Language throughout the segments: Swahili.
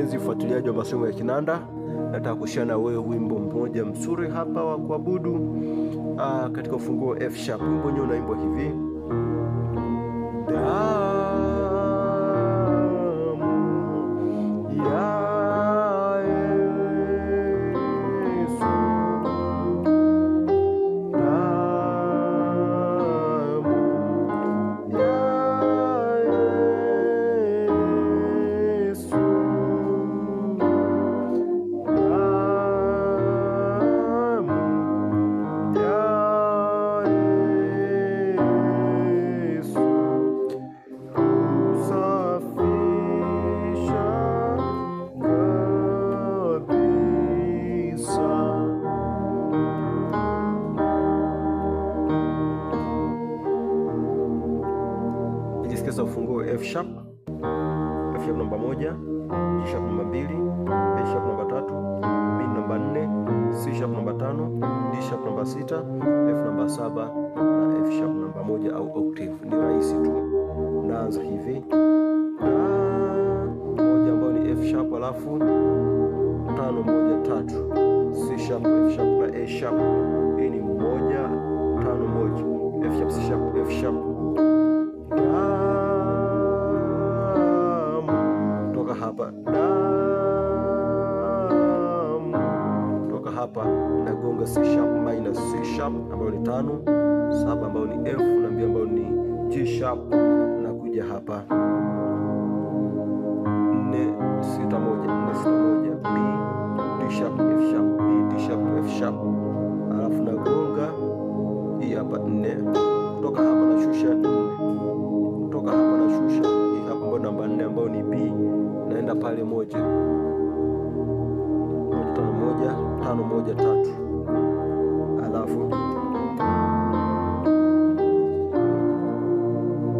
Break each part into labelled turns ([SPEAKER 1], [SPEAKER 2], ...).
[SPEAKER 1] mpenzi ufuatiliaji wa masomo ya kinanda, nataka kushia na wewe wimbo mmoja mzuri hapa wa kuabudu ah, katika ufunguo F sharp. Wimbo wenyewe unaimbwa hivi. sharp namba tano, D sharp namba sita, F namba saba
[SPEAKER 2] na
[SPEAKER 1] F sharp namba moja au octave. Ni rahisi tu, naanza hivi moja ambayo ni F sharp, alafu tano moja tatu, C sharp, F sharp na A e sharp. Hii ni moja tano moja, F sharp, C sharp, F sharp sharp ambayo ni tano, saba ambayo ni F na mbili ambayo ni G sharp, na kuja hapa nne sita moja, nne sita moja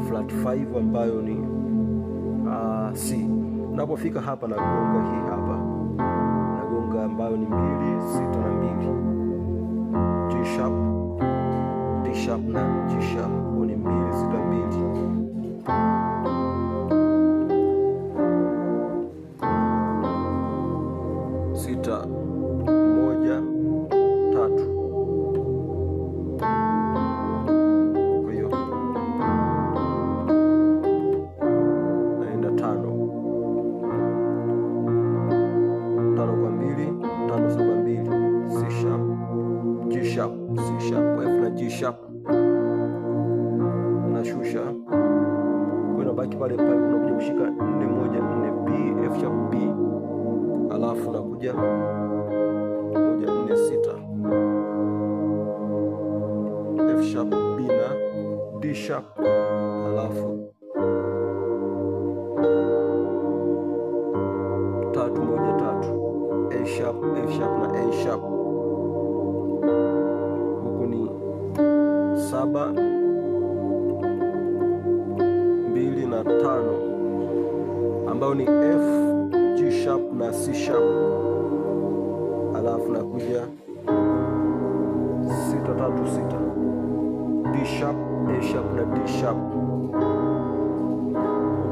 [SPEAKER 1] flat 5 ambayo ni uh, C. Unapofika hapa na gonga hii hapa na gonga ambayo ni mbili sita na mbili G sharp, D sharp na G sharp ni mbili sita mbili sharp, C sharp, F na G sharp, unashusha kwa unabaki pale pale, unakuja kushika nne moja nne B F sharp B, alafu unakuja moja nne sita F sharp B na D sharp, alafu tatu moja tatu A sharp F sharp na A sharp saba mbili na tano ambayo ni F, G sharp na C sharp, alafu nakuja sita tatu sita D sharp, A sharp na D sharp,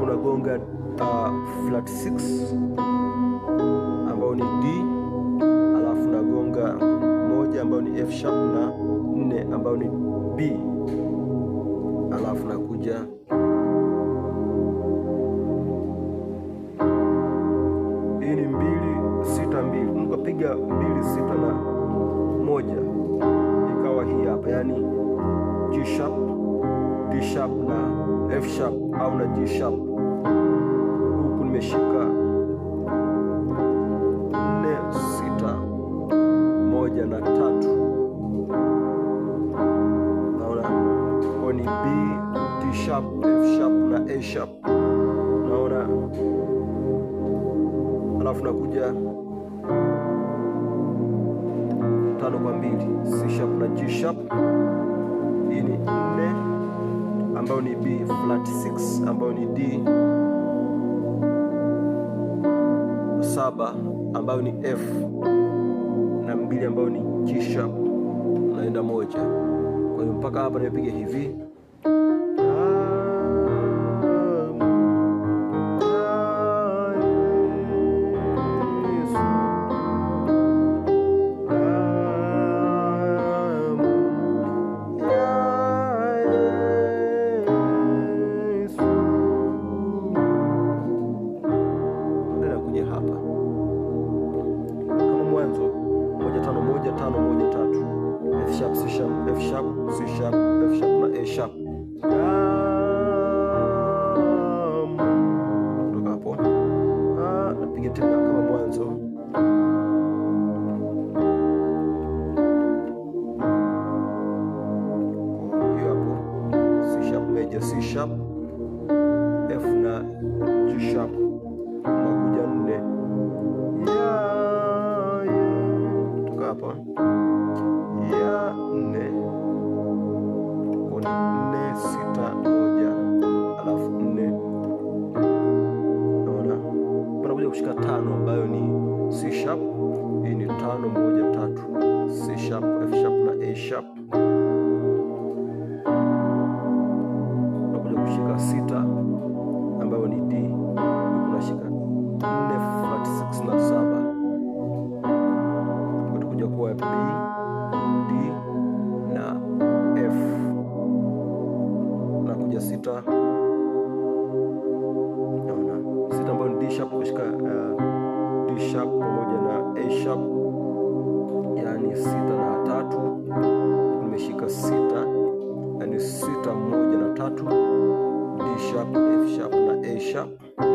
[SPEAKER 1] unagonga uh, flat
[SPEAKER 2] 6
[SPEAKER 1] ambayo ni D, alafu nagonga moja ambayo ni F sharp na 4 ambayo ni B, alafu nakuja hii ni mbili sita mbili, nikapiga mbili sita na moja ikawa hii hapa, yaani G sharp, D sharp na F sharp au na G sharp, huku nimeshika sharp, F sharp na A sharp, naona alafu nakuja tano kwa mbili C sharp na G sharp. Hii ni nne ambayo ni B flat 6 ambayo ni D saba ambayo ni F na mbili ambayo ni G sharp, naenda moja. Kwa hiyo mpaka hapa nimepiga hivi. mwanzo hapo C sharp major, C sharp F na G sharp nakuja nne kutoka ya nne ya tano ambayo ni C sharp. Hii ni tano moja tatu, C sharp, F sharp na A sharp. Tchau.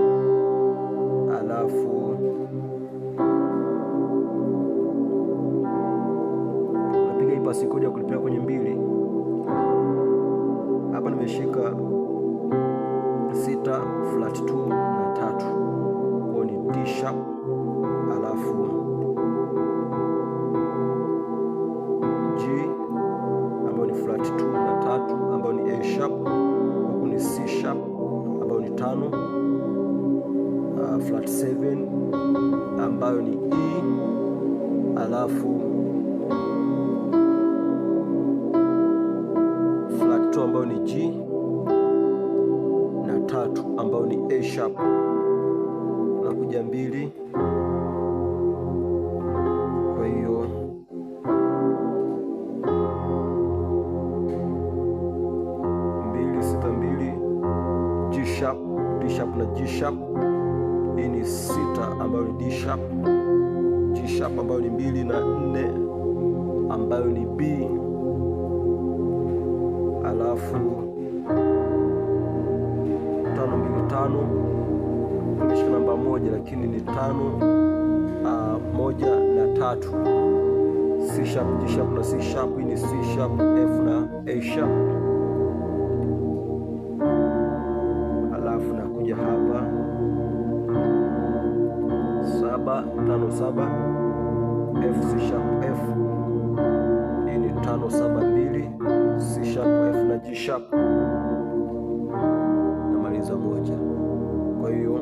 [SPEAKER 1] alafu flat 2 ambayo ni G na tatu ambayo ni A sharp, na kuja mbili. G sharp, D sharp na G sharp. Hii ni sita ambayo ni D sharp sharp ambayo ni mbili na nne ambayo ni B, alafu tano mbili tano nimeshika namba moja, lakini ni tano uh, moja na tatu C sharp, G sharp na C sharp. Hii ni C sharp, F na A sharp, alafu nakuja hapa saba tano saba F C sharp F. Hii ni tano saba mbili C sharp F na G sharp, namaliza moja, kwa hiyo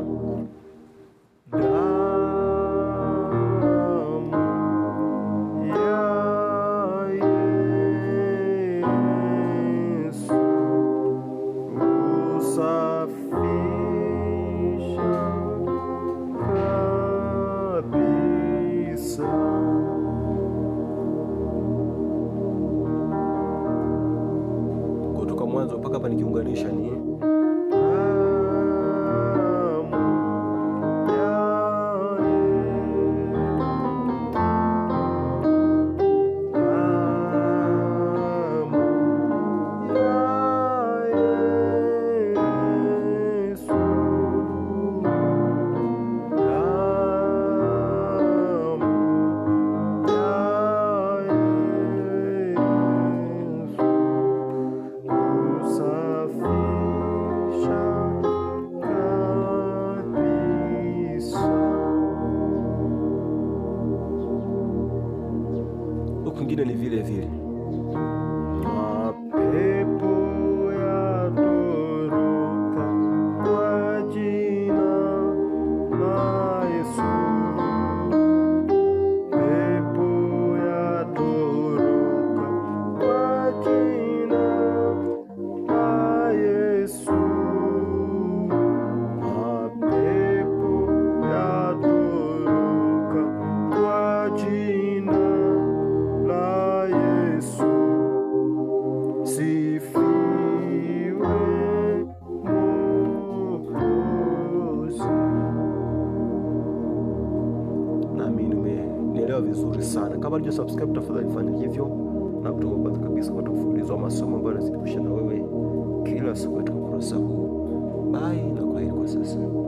[SPEAKER 1] Kama subscribe, tafadhali fanya hivyo, na kutoka kwanza kabisa kwa mfululizo wa masomo ambayo nazidusha na wewe kila siku katika ukurasa huu. Bye na kwaheri kwa sasa.